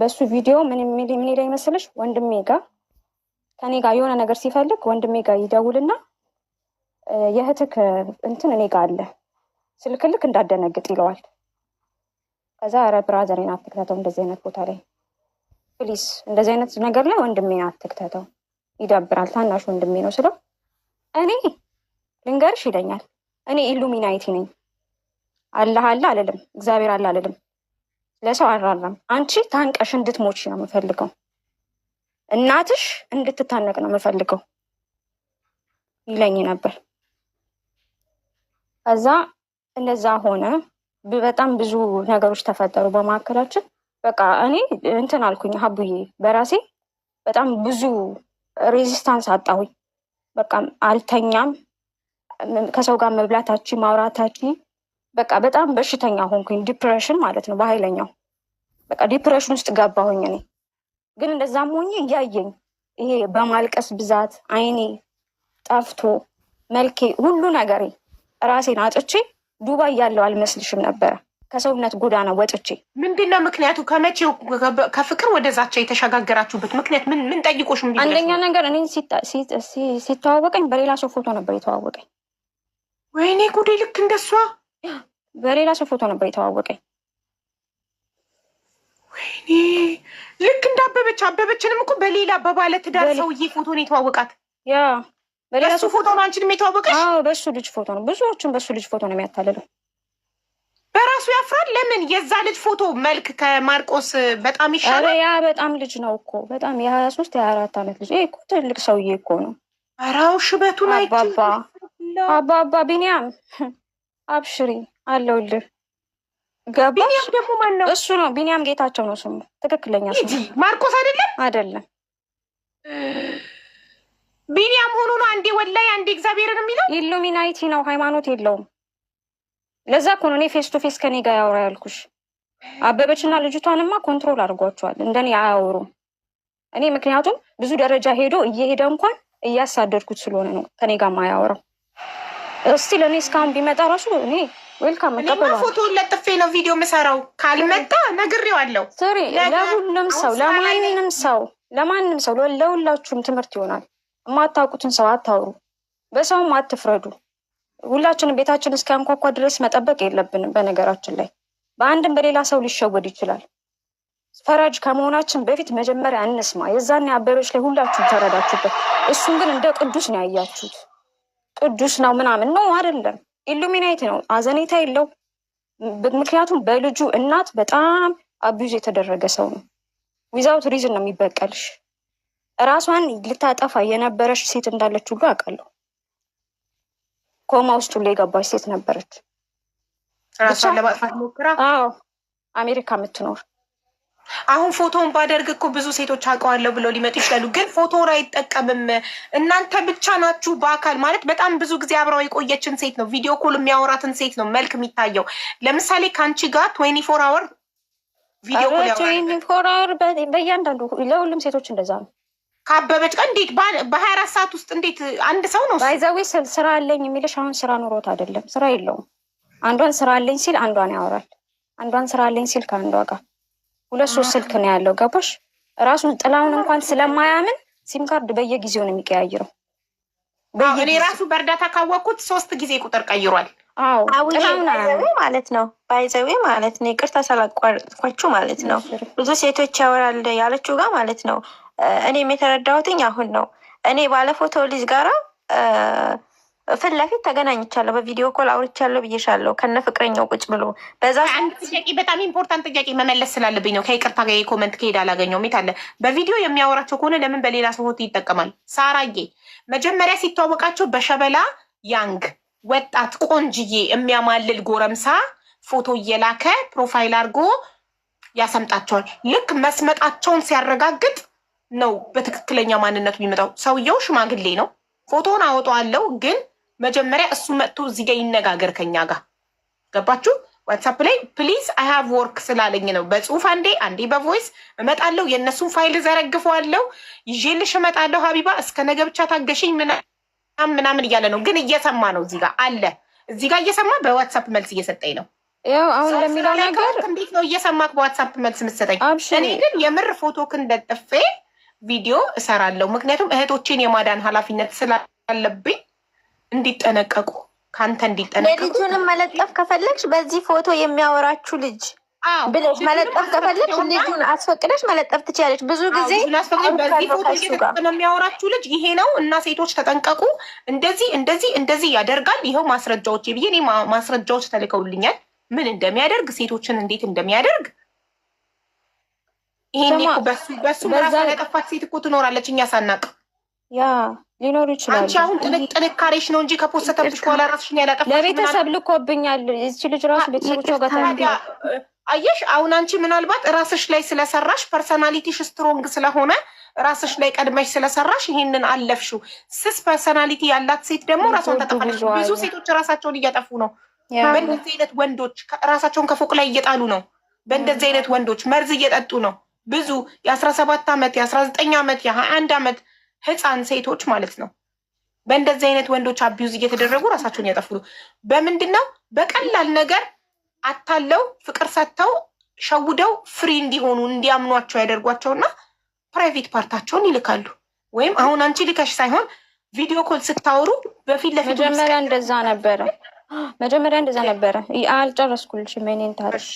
በእሱ ቪዲዮ ምን ምን ላይ መሰለሽ ወንድሜ ጋ ከኔ ጋር የሆነ ነገር ሲፈልግ ወንድሜ ጋር ይደውልና የእህትህ እንትን እኔ ጋር አለ ስልክልክ እንዳደነግጥ ይለዋል። ከዛ ኧረ ብራዘሬን አትክተተው እንደዚህ አይነት ቦታ ላይ ፕሊስ፣ እንደዚህ አይነት ነገር ላይ ወንድሜን አትክተተው ይደብራል፣ ታናሽ ወንድሜ ነው ስለው እኔ ልንገርሽ ይለኛል። እኔ ኢሉሚናይቲ ነኝ አላህ አለ አልልም፣ እግዚአብሔር አለ አልልም ለሰው አራራም። አንቺ ታንቀሽ እንድትሞች ነው የምፈልገው። እናትሽ እንድትታነቅ ነው የምፈልገው ይለኝ ነበር። ከዛ እንደዛ ሆነ። በጣም ብዙ ነገሮች ተፈጠሩ በመካከላችን። በቃ እኔ እንትን አልኩኝ ሀቡዬ፣ በራሴ በጣም ብዙ ሬዚስታንስ አጣሁኝ። በቃ አልተኛም። ከሰው ጋር መብላታች ማውራታች። በቃ በጣም በሽተኛ ሆንኩኝ። ዲፕሬሽን ማለት ነው በኃይለኛው በቃ ዲፕሬሽን ውስጥ ገባሁኝ። እኔ ግን እንደዛም ሆኜ እያየኝ ይሄ በማልቀስ ብዛት አይኔ ጠፍቶ መልኬ ሁሉ ነገሬ ራሴን አጥቼ ዱባይ ያለው አልመስልሽም ነበረ። ከሰውነት ጎዳና ወጥቼ ምንድን ነው ምክንያቱ? ከመቼው ከፍቅር ወደ ዛቻ የተሸጋገራችሁበት ምክንያት ምን ምን ጠይቆሽ? አንደኛ ነገር እኔ ሲተዋወቀኝ በሌላ ሰው ፎቶ ነበር የተዋወቀኝ። ወይኔ ጉዴ! ልክ እንደሷ በሌላ ሰው ፎቶ ነበር የተዋወቀኝ። ወይኔ ልክ እንደ አበበች አበበችንም እኮ በሌላ በባለ ትዳር ሰውዬ ፎቶ ነው የተዋወቃት። ያ በሱ ፎቶ ነው አንቺንም የተዋወቀሽ? በሱ ልጅ ፎቶ ነው። ብዙዎቹም በሱ ልጅ ፎቶ ነው የሚያታልለው። በራሱ ያፍራል። ለምን የዛ ልጅ ፎቶ መልክ ከማርቆስ በጣም ይሻላል። ያ በጣም ልጅ ነው እኮ በጣም የሀያ ሶስት የሀያ አራት አመት ልጅ ይሄ እኮ ትልቅ ሰውዬ እኮ ነው። ራው ሽበቱን አባባ አባባ ቢኒያም አብሽሪ አለውልህ። ገባሽ? ቢኒያም ደግሞ ማን ነው? እሱ ነው ቢኒያም ጌታቸው ነው ስሙ። ትክክለኛ ማርቆስ አይደለም። አይደለም ቢኒያም ሆኖ ነው አንዴ ወላይ አንዴ እግዚአብሔርን የሚለው ኢሉሚናይቲ ነው። ሃይማኖት የለውም። ለዛ እኮ ነው እኔ ፌስ ቱ ፌስ ከኔ ጋር ያወራ ያልኩሽ። አበበችና ልጅቷንማ ኮንትሮል አድርጓቸዋል። እንደኔ አያወሩም። እኔ ምክንያቱም ብዙ ደረጃ ሄዶ እየሄደ እንኳን እያሳደድኩት ስለሆነ ነው ከኔ ጋር ማያወራው። እስቲ ለእኔ እስካሁን ቢመጣ ራሱ እኔ ዌልካም መቀበል ፎቶ ለጥፌ ነው ቪዲዮ የምሰራው። ካልመጣ ነግሬዋለሁ። ስሪ ለሁሉም ሰው ለማንም ሰው ለማንም ሰው ለሁላችሁም ትምህርት ይሆናል። የማታውቁትን ሰው አታውሩ፣ በሰውም አትፍረዱ። ሁላችንም ቤታችን እስኪያንኳኳ ድረስ መጠበቅ የለብንም። በነገራችን ላይ በአንድም በሌላ ሰው ሊሸወድ ይችላል። ፈራጅ ከመሆናችን በፊት መጀመሪያ እንስማ። የዛን አበሮች ላይ ሁላችሁም ተረዳችሁበት። እሱን ግን እንደ ቅዱስ ነው ያያችሁት። ቅዱስ ነው ምናምን ነው አይደለም። ኢሉሚናይት ነው፣ አዘኔታ የለው። ምክንያቱም በልጁ እናት በጣም አቢዩዝ የተደረገ ሰው ነው። ዊዛውት ሪዝን ነው የሚበቀልሽ። ራሷን ልታጠፋ የነበረች ሴት እንዳለች ሁሉ አውቃለሁ። ኮማ ውስጥ ሁሉ የገባች ሴት ነበረች። ራሷን ለማጥፋት ሞክራ አሜሪካ የምትኖር አሁን ፎቶውን ባደርግ እኮ ብዙ ሴቶች አውቀዋለሁ ብለው ሊመጡ ይችላሉ። ግን ፎቶውን አይጠቀምም። እናንተ ብቻ ናችሁ በአካል ማለት በጣም ብዙ ጊዜ አብረው የቆየችን ሴት ነው ቪዲዮ ኮል የሚያወራትን ሴት ነው መልክ የሚታየው። ለምሳሌ ከአንቺ ጋር ትዌኒ ፎር አወር ቪዲዮ ኮል ፎር አወር በእያንዳንዱ ለሁሉም ሴቶች እንደዛ ነው። ከአበበች ጋር እንዴት በሀያ አራት ሰዓት ውስጥ እንዴት አንድ ሰው ነው ባይዘዌ ስራ አለኝ የሚልሽ አሁን ስራ ኑሮት አይደለም ስራ የለውም። አንዷን ስራ አለኝ ሲል አንዷን ያወራል። አንዷን ስራ አለኝ ሲል ከአንዷ ጋር ሁለት ሶስት ስልክ ነው ያለው። ገባሽ? ራሱን ጥላውን እንኳን ስለማያምን ሲም ካርድ በየጊዜው ነው የሚቀያይረው። እኔ ራሱ በእርዳታ ካወቅኩት ሶስት ጊዜ ቁጥር ቀይሯል። አውጥላውናዘዌ ማለት ነው ባይዘዌ ማለት ነው። ይቅርታ ሳላቋርጥኳችሁ ማለት ነው። ብዙ ሴቶች ያወራል ያለችው ጋር ማለት ነው። እኔም የተረዳሁትኝ አሁን ነው። እኔ ባለፎቶ ልጅ ጋራ ፊት ለፊት ተገናኝቻለሁ፣ በቪዲዮ ኮል አውርቻለሁ ብዬሻለሁ። ከነ ፍቅረኛው ቁጭ ብሎ በዛ ጥያቄ በጣም ኢምፖርታንት ጥያቄ መመለስ ስላለብኝ ነው። ከይቅርታ ጋር የኮመንት ከሄድ አላገኘውም። የት አለ በቪዲዮ የሚያወራቸው ከሆነ ለምን በሌላ ሰው ይጠቀማል? ሳራዬ መጀመሪያ ሲተዋወቃቸው በሸበላ ያንግ ወጣት ቆንጅዬ የሚያማልል ጎረምሳ ፎቶ እየላከ ፕሮፋይል አድርጎ ያሰምጣቸዋል። ልክ መስመጣቸውን ሲያረጋግጥ ነው በትክክለኛ ማንነቱ የሚመጣው። ሰውየው ሽማግሌ ነው። ፎቶውን አወጣዋለሁ ግን መጀመሪያ እሱ መጥቶ እዚህ ጋር ይነጋገር ከኛ ጋር ገባችሁ? ዋትሳፕ ላይ ፕሊዝ አይ ሃቭ ወርክ ስላለኝ ነው። በጽሁፍ አንዴ አንዴ በቮይስ እመጣለሁ። የእነሱን ፋይል ዘረግፈዋለሁ፣ ይዤልሽ እመጣለሁ። ሀቢባ እስከ ነገ ብቻ ታገሽኝ ምናምን እያለ ነው፣ ግን እየሰማ ነው። እዚህ ጋር አለ፣ እዚህ ጋር እየሰማ በዋትሳፕ መልስ እየሰጠኝ ነው። ያው አሁን ለሚለው ነገር እንዴት ነው እየሰማክ በዋትሳፕ መልስ ምሰጠኝ? እኔ ግን የምር ፎቶክን ለጥፌ ቪዲዮ እሰራለሁ፣ ምክንያቱም እህቶቼን የማዳን ኃላፊነት ስላለብኝ እንዲጠነቀቁ ከአንተ እንዲጠነቀቁ ልጁንም መለጠፍ ከፈለግሽ በዚህ ፎቶ የሚያወራችሁ ልጅ ብለሽ መለጠፍ ከፈለግሽ ልጁን አስፈቅደሽ መለጠፍ ትችላለች። ብዙ ጊዜ የሚያወራችሁ ልጅ ይሄ ነው እና ሴቶች ተጠንቀቁ፣ እንደዚህ እንደዚህ እንደዚህ ያደርጋል። ይኸው ማስረጃዎች ብዬ እኔ ማስረጃዎች ተልከውልኛል፣ ምን እንደሚያደርግ ሴቶችን እንዴት እንደሚያደርግ ይሄን በሱ በሱ ራሱ ያጠፋት ሴት እኮ ትኖራለች እኛ ሳናቅ ያ ሊኖሩ ይችላሉ። አንቺ አሁን ጥንካሬሽ ነው እንጂ ከፖስተተብሽ በኋላ ራስሽን ያላጠፍ ለቤተሰብ ልኮብኛል። እዚች ልጅ ራሱ ቤተሰቦቿ ጋር አየሽ። አሁን አንቺ ምናልባት ራስሽ ላይ ስለሰራሽ ፐርሰናሊቲሽ ስትሮንግ ስለሆነ ራስሽ ላይ ቀድመሽ ስለሰራሽ ይሄንን አለፍሽው። ስስ ፐርሰናሊቲ ያላት ሴት ደግሞ ራሷን ታጠፋለች። ብዙ ሴቶች ራሳቸውን እያጠፉ ነው። በእንደዚህ አይነት ወንዶች ራሳቸውን ከፎቅ ላይ እየጣሉ ነው። በእንደዚህ አይነት ወንዶች መርዝ እየጠጡ ነው። ብዙ የአስራ ሰባት ዓመት የአስራ ዘጠኝ ዓመት የሀያ አንድ ዓመት ህፃን ሴቶች ማለት ነው በእንደዚህ አይነት ወንዶች አቢዩዝ እየተደረጉ ራሳቸውን ያጠፍሉ። በምንድን ነው? በቀላል ነገር አታለው ፍቅር ሰጥተው ሸውደው ፍሪ እንዲሆኑ እንዲያምኗቸው ያደርጓቸውና ፕራይቬት ፓርታቸውን ይልካሉ። ወይም አሁን አንቺ ልከሽ ሳይሆን ቪዲዮ ኮል ስታወሩ በፊት ለፊት መጀመሪያ እንደዛ ነበረ። መጀመሪያ እንደዛ ነበረ። አልጨረስኩልሽም። የእኔን ታሪክ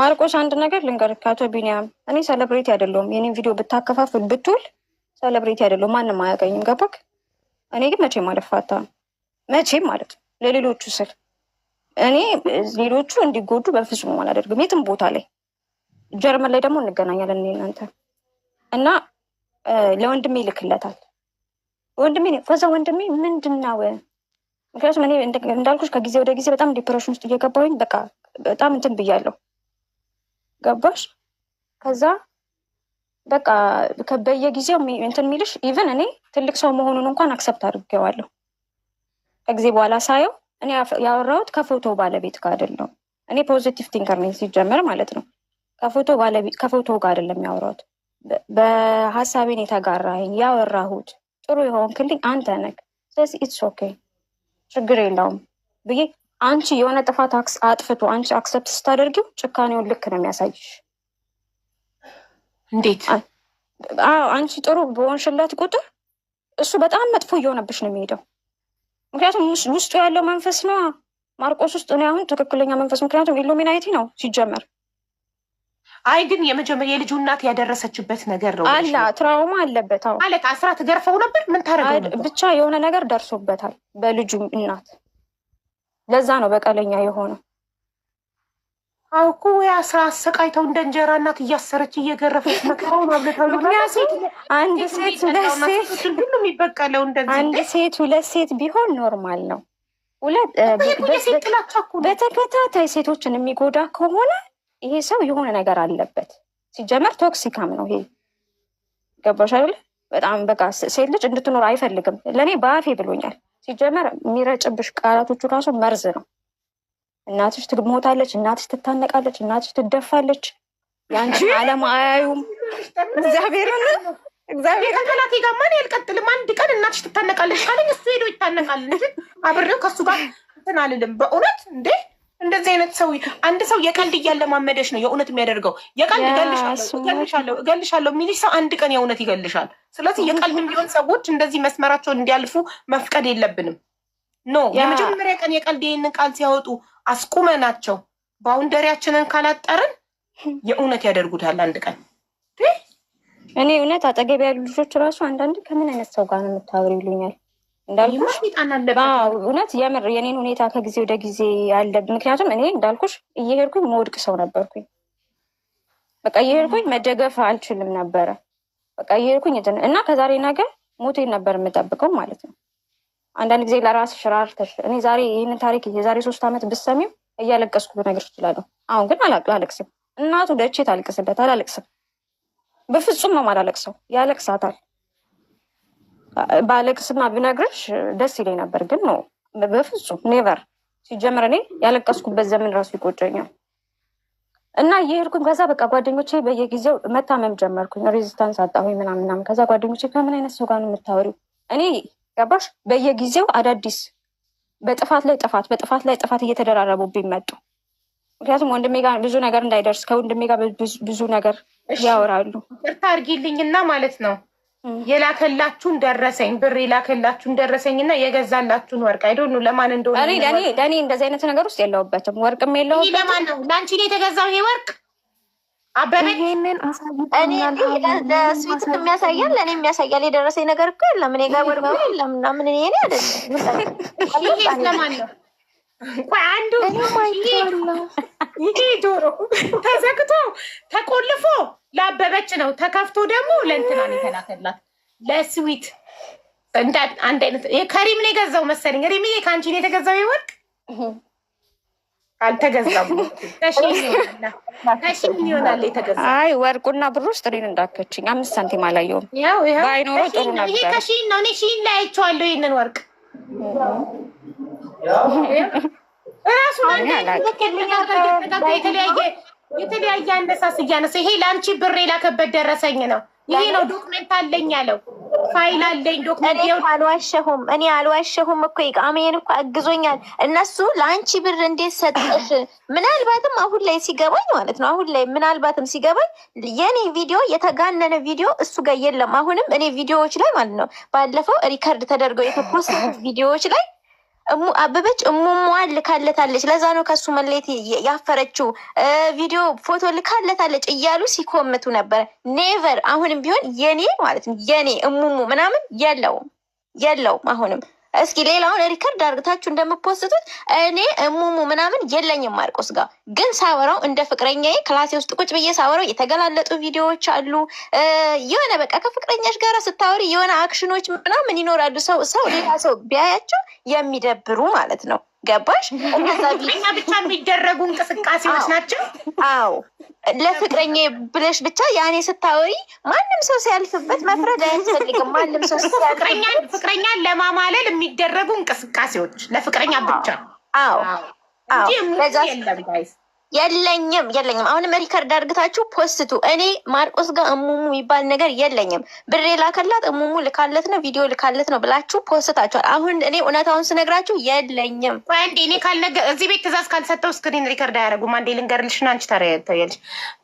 ማርቆስ፣ አንድ ነገር ልንገርካቶ ቢኒያም እኔ ሰለብሬት አይደለሁም። የኔን ቪዲዮ ብታከፋፍል ብትውል ሰለብሬቲ አይደለሁ፣ ማንም አያገኝም። ገባክ? እኔ ግን መቼም አልፋታ መቼም ማለት ነው ለሌሎቹ ስል እኔ ሌሎቹ እንዲጎዱ በፍጹም አላደርግም። የትም ቦታ ላይ ጀርመን ላይ ደግሞ እንገናኛለን። እናንተ እና ለወንድሜ ይልክለታል። ወንድሜ ከዛ ወንድሜ ምንድነው ምክንያቱም እኔ እንዳልኩሽ ከጊዜ ወደ ጊዜ በጣም ዲፕሬሽን ውስጥ እየገባሁኝ በቃ በጣም እንትን ብያለሁ። ገባሽ? ከዛ በቃ በየጊዜው እንትን የሚልሽ ኢቨን እኔ ትልቅ ሰው መሆኑን እንኳን አክሰፕት አድርጌዋለሁ። ከጊዜ በኋላ ሳየው እኔ ያወራሁት ከፎቶ ባለቤት ጋር አይደለም። እኔ ፖዚቲቭ ቲንከር ነኝ ማለት ነው። ከፎቶ ባለቤት ከፎቶ ጋር አይደለም ያወራሁት፣ በሀሳቤን የተጋራኝ ያወራሁት ጥሩ የሆንክልኝ አንተ ነህ። ስለዚህ ኢትስ ኦኬ ችግር የለውም ብዬ አንቺ የሆነ ጥፋት አጥፍቶ አንቺ አክሰፕት ስታደርጊው ጭካኔውን ልክ ነው የሚያሳይሽ እንዴት? አዎ አንቺ ጥሩ በሆንሽለት ቁጥር እሱ በጣም መጥፎ እየሆነብሽ ነው የሚሄደው። ምክንያቱም ውስጡ ያለው መንፈስ ነው ማርቆስ ውስጥ እኔ አሁን ትክክለኛ መንፈስ ምክንያቱም ኢሉሚናይቲ ነው ሲጀመር። አይ ግን የመጀመሪያ የልጁ እናት ያደረሰችበት ነገር ነው አላ ትራውማ አለበት። አዎ ማለት አስራ ትገርፈው ነበር ምን ታደርገው ብቻ የሆነ ነገር ደርሶበታል በልጁ እናት። ለዛ ነው በቀለኛ የሆነው። አውኩ ወይ አስራ አሰቃይተው እንደ እንጀራ እናት እያሰረች እየገረፈች መከራውን አብለታሉ። ምክንያቱም አንድ ሴት ሁለት ሴት ሁሉ የሚበቀለው እንደዚህ አንድ ሴት ሁለት ሴት ቢሆን ኖርማል ነው። ሁለት በተከታታይ ሴቶችን የሚጎዳ ከሆነ ይሄ ሰው የሆነ ነገር አለበት። ሲጀመር ቶክሲካም ነው ይሄ ገባሽ አይደለ? በጣም በቃ ሴት ልጅ እንድትኖር አይፈልግም። ለእኔ በአፌ ብሎኛል። ሲጀመር የሚረጭብሽ ቃላቶቹ ራሱ መርዝ ነው። እናትሽ ትሞታለች፣ እናትሽ ትታነቃለች፣ እናትሽ ትደፋለች። ያንቺ አለም አያዩም። እግዚአብሔርን እግዚአብሔር ከላት ጋማን እኔ አንድ ቀን እናትሽ ትታነቃለች ካለኝ እሱ ሄዶ ይታነቃል እንጂ አብሬው ከእሱ ጋር እንትን አልልም። በእውነት እንዴ እንደዚህ አይነት ሰው አንድ ሰው የቀልድ እያለ ማመደሽ ነው የእውነት የሚያደርገው። የቀልድ እገልሻለሁ እገልሻለሁ የሚልሽ ሰው አንድ ቀን የእውነት ይገልሻል። ስለዚህ የቀልድ ቢሆን ሰዎች እንደዚህ መስመራቸውን እንዲያልፉ መፍቀድ የለብንም። ኖ የመጀመሪያ ቀን የቀልድ ይህንን ቃል ሲያወጡ አስቁመናቸው ባውንደሪያችንን ካላጠርን የእውነት ያደርጉታል አንድ ቀን። እኔ እውነት አጠገብ ያሉ ልጆች ራሱ አንዳንድ ከምን አይነት ሰው ጋር ነው የምታወሪው ይሉኛል። እንዳልኩሽ እውነት የምር የኔን ሁኔታ ከጊዜ ወደ ጊዜ አለ። ምክንያቱም እኔ እንዳልኩሽ እየሄድኩኝ መወድቅ ሰው ነበርኩኝ። በቃ እየሄድኩኝ መደገፍ አልችልም ነበረ። በቃ እየሄድኩኝ እና ከዛሬ ነገር ሞቴን ነበር የምጠብቀው ማለት ነው። አንዳንድ ጊዜ ለራስሽ ራርተሽ እኔ ዛሬ ይህንን ታሪክ የዛሬ ሶስት ዓመት ብሰሚው እያለቀስኩ ልነግርሽ እችላለሁ። አሁን ግን አላለቅስም። እናቱ ደቼ ታልቅስበት አላለቅስም። በፍጹም ነው አላለቅሰው። ያለቅሳታል። ባለቅስና ብነግርሽ ደስ ይለኝ ነበር፣ ግን ነው በፍጹም ኔቨር። ሲጀምር እኔ ያለቀስኩበት ዘመን ራሱ ይቆጨኛል። እና እየሄድኩኝ ከዛ በቃ ጓደኞቼ በየጊዜው መታመም ጀመርኩኝ። ሬዚስታንስ አጣሁኝ ምናምናም። ከዛ ጓደኞቼ ከምን አይነት ሰው ጋር ነው የምታወሪው? እኔ ገባሽ? በየጊዜው አዳዲስ በጥፋት ላይ ጥፋት በጥፋት ላይ ጥፋት እየተደራረቡብኝ መጡ። ምክንያቱም ወንድሜ ጋር ብዙ ነገር እንዳይደርስ ከወንድሜ ጋር ብዙ ነገር ያወራሉ። ቅርታ አድርጊልኝና ማለት ነው የላከላችሁን ደረሰኝ ብር የላከላችሁን ደረሰኝ እና የገዛላችሁን ወርቅ አይዶ ለማን እንደሆነ ለእኔ እንደዚህ አይነት ነገር ውስጥ የለውበትም። ወርቅም የለውም። ለማን ነው ለአንቺ የተገዛው ይሄ ወርቅ ይሄንን አሳይስዊት የሚያሳያል ለእኔ የሚያሳያል። የደረሰኝ ነገር እኮ የለም እኔ ጋር የለም እኔ እኔ አይደለም ይሄ ጆሮ ተዘግቶ ተቆልፎ ለአበበች ነው፣ ተከፍቶ ደግሞ ለእንትና ነው የተላከላት ለስዊት። አንድ አይነት ከሪም ነው የገዛው መሰለኝ። ሪም ከአንቺ ነው የተገዛው የወርቅ አልተገዛም። ይሆናል የተገዛ። አይ ወርቁና ብሩ እንዳከችኝ አምስት ሳንቲም አላየውም። ባይኖረው ጥሩ ነበር። ይሄ ነው። እኔ ላይ አይቼዋለሁ ይህንን ወርቅ እራሱ የተለያየ አነሳስ እያነሳ ይሄ ለአንቺ ብር የላከበት ደረሰኝ ነው። ይሄ ነው ዶክመንት አለኝ ያለው ፋይል አለኝ ዶክመንት። አልዋሸሁም፣ እኔ አልዋሸሁም እኮ ኢቃሜን እኮ አግዞኛል። እነሱ ለአንቺ ብር እንዴት ሰጠሽ? ምናልባትም አሁን ላይ ሲገባኝ ማለት ነው፣ አሁን ላይ ምናልባትም ሲገባኝ የኔ ቪዲዮ የተጋነነ ቪዲዮ እሱ ጋር የለም። አሁንም እኔ ቪዲዮዎች ላይ ማለት ነው፣ ባለፈው ሪከርድ ተደርገው የተፖስቱ ቪዲዮዎች ላይ አበበች እሙሟን ልካለታለች፣ ለዛ ነው ከሱ መለየት ያፈረችው፣ ቪዲዮ ፎቶ ልካለታለች እያሉ ሲኮምቱ ነበረ። ኔቨር አሁንም ቢሆን የኔ ማለት ነው የኔ እሙሙ ምናምን የለውም የለውም አሁንም እስኪ ሌላውን ሪከርድ አርግታችሁ እንደምፖስቱት እኔ እሙሙ ምናምን የለኝም። ማርቆስ ጋር ግን ሳወራው እንደ ፍቅረኛዬ ክላሴ ውስጥ ቁጭ ብዬ ሳወራው የተገላለጡ ቪዲዮዎች አሉ። የሆነ በቃ ከፍቅረኛሽ ጋር ስታወሪ የሆነ አክሽኖች ምናምን ይኖራሉ። ሰው ሰው ሌላ ሰው ቢያያቸው የሚደብሩ ማለት ነው። ገባሽ? እኛ ብቻ የሚደረጉ እንቅስቃሴዎች ናቸው። አዎ ለፍቅረኛ ብለሽ ብቻ ያኔ ስታወሪ ማንም ሰው ሲያልፍበት መፍረድ አያስፈልግም። ማንም ሰው ፍቅረኛን ለማማለል የሚደረጉ እንቅስቃሴዎች ለፍቅረኛ ብቻ። አዎ አዎ የለኝም የለኝም። አሁንም ሪከርድ አድርግታችሁ ፖስቱ። እኔ ማርቆስ ጋር እሙሙ የሚባል ነገር የለኝም። ብሬ ላከላት እሙሙ ልካለት ነው ቪዲዮ ልካለት ነው ብላችሁ ፖስታችኋል። አሁን እኔ እውነታውን ስነግራችሁ የለኝም። አንዴ እኔ ካልነገ እዚህ ቤት ትእዛዝ ካልሰጠው እስክሪን ሪከርድ አያደርጉም። አንዴ ልንገርልሽና አንቺ ታያለሽ።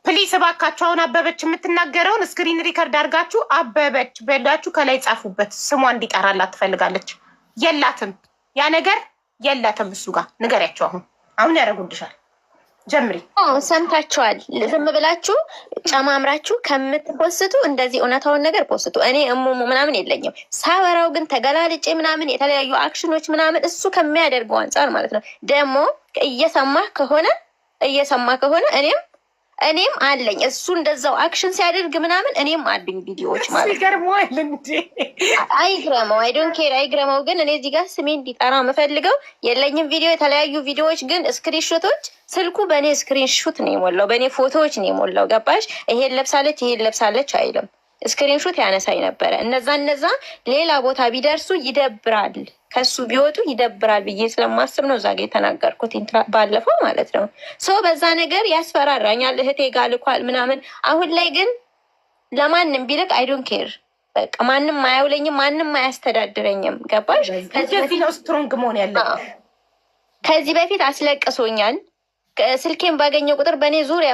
ፕሊስ እባካችሁ አሁን አበበች የምትናገረውን እስክሪን ሪከርድ አድርጋችሁ አበበች በላችሁ ከላይ ጻፉበት። ስሟ እንዲጠራላት ትፈልጋለች። የላትም፣ ያ ነገር የላትም። እሱ ጋር ንገሪያቸው። አሁን አሁን ያደረጉልሻል ጀምሪ። ሰምታችኋል። ዝም ብላችሁ ጨማምራችሁ ከምትፖስቱ እንደዚህ እውነታውን ነገር ፖስቱ። እኔ እሙሙ ምናምን የለኝም። ሳበራው ግን ተገላልጬ ምናምን የተለያዩ አክሽኖች ምናምን እሱ ከሚያደርገው አንጻር ማለት ነው። ደግሞ እየሰማህ ከሆነ እየሰማ ከሆነ እኔም እኔም አለኝ እሱ እንደዛው አክሽን ሲያደርግ ምናምን እኔም አሉኝ ቪዲዮዎች ማለት ይገርመዋል። እንዴ አይግረመው፣ አይዶን ኬር አይግረመው። ግን እኔ እዚህ ጋር ስሜ እንዲጠራ የምፈልገው የለኝም ቪዲዮ፣ የተለያዩ ቪዲዮዎች ግን ስክሪንሾቶች ስልኩ በእኔ ስክሪንሹት ነው የሞላው፣ በእኔ ፎቶዎች ነው የሞላው። ገባሽ? ይሄን ለብሳለች፣ ይሄን ለብሳለች አይልም። ስክሪንሹት ያነሳኝ ነበረ። እነዛ እነዛ ሌላ ቦታ ቢደርሱ ይደብራል። ከሱ ቢወጡ ይደብራል ብዬ ስለማስብ ነው እዛ የተናገርኩት ባለፈው ማለት ነው። ሰው በዛ ነገር ያስፈራራኛል። እህቴ ጋ ልኳል ምናምን። አሁን ላይ ግን ለማንም ቢልቅ አይዶን ኬር በቃ ማንም አያውለኝም፣ ማንም አያስተዳድረኝም። ገባሽ? ከዚህ በፊት አስለቅሶኛል ስልኬን ባገኘ ቁጥር በእኔ ዙሪያ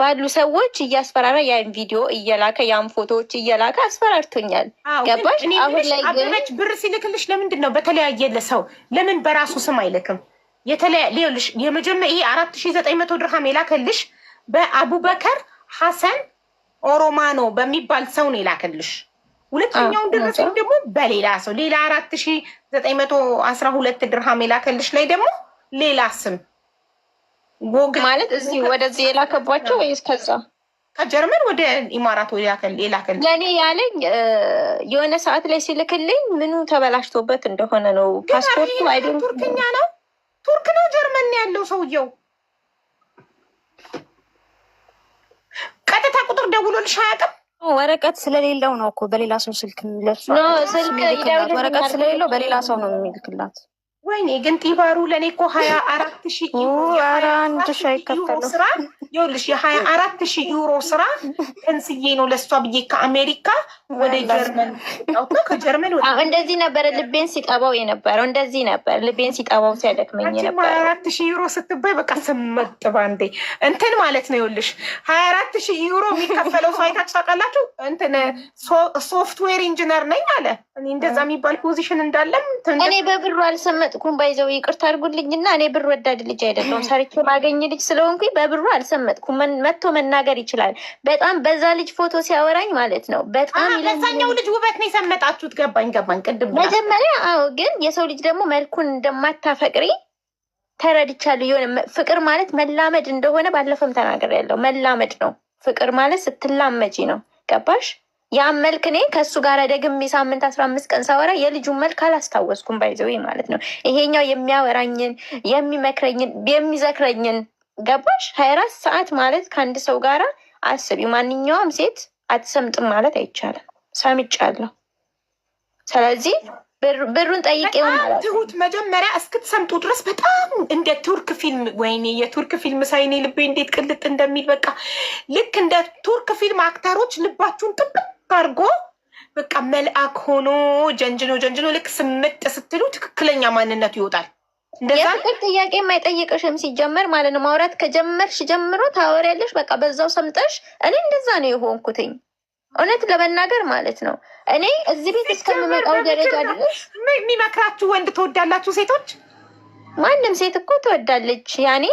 ባሉ ሰዎች እያስፈራራ ያን ቪዲዮ እየላከ ያን ፎቶዎች እየላከ አስፈራርቶኛል። ገባሽ? አሁን ላይ አበበች ብር ሲልክልሽ ለምንድን ነው በተለያየ ለሰው ለምን በራሱ ስም አይልክም? የተለያልሽ የመጀመሪያ ይሄ አራት ሺ ዘጠኝ መቶ ድርሃም የላከልሽ በአቡበከር ሀሰን ኦሮማኖ በሚባል ሰው ነው የላከልሽ። ሁለተኛውን ደረሰኝ ደግሞ በሌላ ሰው ሌላ አራት ሺ ዘጠኝ መቶ አስራ ሁለት ድርሃም የላከልሽ ላይ ደግሞ ሌላ ስም ጎግል ማለት እዚህ ወደዚህ የላከባቸው ወይስ ከዛ ከጀርመን ወደ ኢማራት የላከል ለእኔ ያለኝ የሆነ ሰዓት ላይ ሲልክልኝ ምኑ ተበላሽቶበት እንደሆነ ነው። ፓስፖርቱ አይደለም ቱርክኛ ነው፣ ቱርክ ነው፣ ጀርመን ያለው ሰውየው ቀጥታ ቁጥር ደውሎልሽ አያውቅም። ወረቀት ስለሌለው ነው እኮ በሌላ ሰው ስልክ የሚለሱ ስልክ ወረቀት ስለሌለው በሌላ ሰው ነው የሚልክላት ወይኔ ግን ጢባሩ ለእኔ እኮ ሀያ አራት ሺ ዩሮ ስራ ይኸውልሽ፣ የሀያ አራት ሺ ዩሮ ስራ ከንስዬ ነው ለእሷ ብዬ ከአሜሪካ ወደ ጀርመን ጣውቶ ከጀርመን እንደዚህ ነበረ። ልቤን ሲጠባው የነበረው እንደዚህ ነበር። ልቤን ሲጠባው ሲያደክመኝ ነበር። አራት ሺ ዩሮ ስትባይ በቃ ስመጥባ እንዴ እንትን ማለት ነው። ይኸውልሽ ሀያ አራት ሺ ዩሮ የሚከፈለው ሰው አይታችሁ ታውቃላችሁ? እንትን ሶፍትዌር ኢንጂነር ነኝ አለ። እኔ እንደዛ የሚባል ፖዚሽን እንዳለም እኔ በብሩ አልሰመጥ ስልኩን ባይዘው ይቅርታ አድርጉልኝና እኔ ብር ወዳድ ልጅ አይደለሁም። ሰርቼ ማገኝ ልጅ ስለሆንኩኝ በብሩ አልሰመጥኩም። መጥቶ መናገር ይችላል። በጣም በዛ ልጅ ፎቶ ሲያወራኝ ማለት ነው። በጣም በዛኛው ልጅ ውበት ነው የሰመጣችሁት። ገባኝ ገባኝ። ቅድም መጀመሪያ አዎ፣ ግን የሰው ልጅ ደግሞ መልኩን እንደማታፈቅሪ ተረድቻለሁ። የሆነ ፍቅር ማለት መላመድ እንደሆነ ባለፈም ተናገር ያለው መላመድ ነው ፍቅር ማለት ስትላመጂ ነው። ገባሽ? ያን መልክ እኔ ከእሱ ጋር ደግም የሳምንት አስራ አምስት ቀን ሳወራ የልጁን መልክ አላስታወስኩም። ባይዘው ማለት ነው። ይሄኛው የሚያወራኝን የሚመክረኝን የሚዘክረኝን ገባሽ? ሀያ አራት ሰዓት ማለት ከአንድ ሰው ጋር አስቢ። ማንኛውም ሴት አትሰምጥም ማለት አይቻልም። ሰምጫለሁ። ስለዚህ ብሩን ጠይቄ ትሁት መጀመሪያ እስክትሰምጡ ድረስ በጣም እንደ ቱርክ ፊልም ወይኔ የቱርክ ፊልም ሳይኔ ልቤ እንዴት ቅልጥ እንደሚል በቃ ልክ እንደ ቱርክ ፊልም አክተሮች ልባችሁን ጥብቅ አርጎ በቃ መልአክ ሆኖ ጀንጅኖ ጀንጅኖ ልክ ስምጥ ስትሉ ትክክለኛ ማንነቱ ይወጣል። የፍቅር ጥያቄ የማይጠይቅሽም ሲጀመር ማለት ነው። ማውራት ከጀመርሽ ጀምሮ ታወሪያለሽ። በቃ በዛው ሰምጠሽ። እኔ እንደዛ ነው የሆንኩትኝ እውነት ለመናገር ማለት ነው። እኔ እዚህ ቤት እስከምመጣው ደረጃ ድረስ የሚመክራችሁ ወንድ ትወዳላችሁ ሴቶች ማንም ሴት እኮ ትወዳለች። ያኔ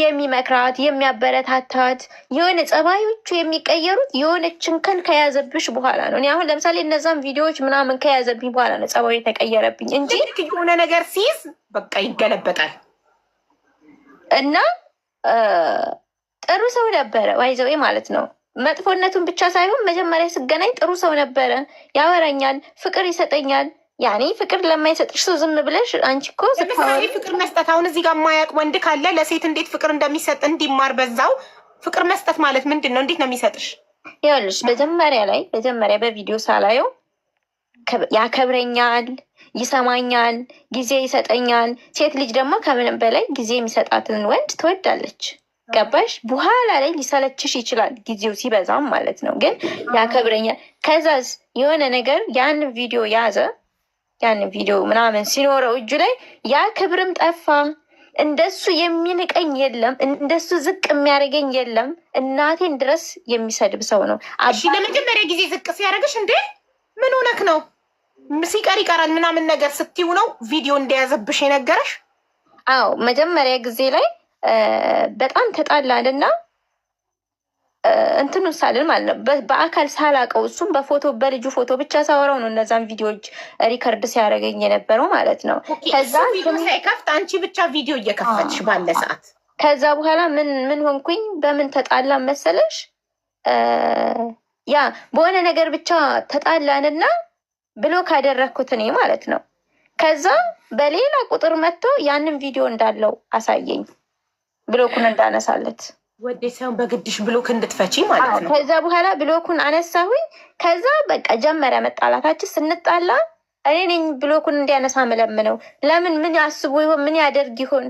የሚመክራት የሚያበረታታት የሆነ ጸባዮቹ የሚቀየሩት የሆነ ችንከን ከያዘብሽ በኋላ ነው። እኔ አሁን ለምሳሌ እነዛን ቪዲዮዎች ምናምን ከያዘብኝ በኋላ ነው ጸባዩ የተቀየረብኝ እንጂ የሆነ ነገር ሲይዝ በቃ ይገለበጣል እና ጥሩ ሰው ነበረ ዋይዘዌ ማለት ነው። መጥፎነቱን ብቻ ሳይሆን መጀመሪያ ስገናኝ ጥሩ ሰው ነበረ። ያወራኛል፣ ፍቅር ይሰጠኛል ያኔ ፍቅር ለማይሰጥሽ ሰው ዝም ብለሽ አንቺ እኮ ለምሳሌ ፍቅር መስጠት አሁን እዚህ ጋር የማያውቅ ወንድ ካለ ለሴት እንዴት ፍቅር እንደሚሰጥ እንዲማር በዛው ፍቅር መስጠት ማለት ምንድን ነው? እንዴት ነው የሚሰጥሽ? ይኸውልሽ መጀመሪያ ላይ መጀመሪያ በቪዲዮ ሳላየው ያከብረኛል፣ ይሰማኛል፣ ጊዜ ይሰጠኛል። ሴት ልጅ ደግሞ ከምንም በላይ ጊዜ የሚሰጣትን ወንድ ትወዳለች። ገባሽ? በኋላ ላይ ሊሰለችሽ ይችላል፣ ጊዜው ሲበዛም ማለት ነው። ግን ያከብረኛል። ከዛዝ የሆነ ነገር ያን ቪዲዮ ያዘ ያን ቪዲዮ ምናምን ሲኖረው እጁ ላይ ያ ክብርም ጠፋ። እንደሱ የሚንቀኝ የለም፣ እንደሱ ዝቅ የሚያደርገኝ የለም። እናቴን ድረስ የሚሰድብ ሰው ነው። ለመጀመሪያ ጊዜ ዝቅ ሲያደርግሽ እንዴ ምን ሆነክ ነው ሲቀር ይቀራል ምናምን ነገር ስትዩ ነው ቪዲዮ እንደያዘብሽ የነገረሽ? አዎ መጀመሪያ ጊዜ ላይ በጣም ተጣላልና እንትኑ ሳልን ማለት ነው። በአካል ሳላቀው እሱም በፎቶ በልጁ ፎቶ ብቻ ሳወራው ነው እነዛን ቪዲዮዎች ሪከርድ ሲያደርገኝ የነበረው ማለት ነው። ከዛ ሳይከፍት አንቺ ብቻ ቪዲዮ እየከፈትሽ ባለ ሰዓት ከዛ በኋላ ምን ምን ሆንኩኝ፣ በምን ተጣላ መሰለሽ? ያ በሆነ ነገር ብቻ ተጣላንና ብሎ ካደረግኩት እኔ ማለት ነው። ከዛ በሌላ ቁጥር መጥቶ ያንን ቪዲዮ እንዳለው አሳየኝ ብሎኩን እንዳነሳለት ወዴ ሳይሆን በግድሽ ብሎክ እንድትፈቺ ማለት ነው። ከዛ በኋላ ብሎኩን አነሳሁኝ። ከዛ በቃ ጀመረ መጣላታችን። ስንጣላ እኔ ነኝ ብሎኩን እንዲያነሳ መለምነው። ለምን ምን አስቦ ይሆን ምን ያደርግ ይሆን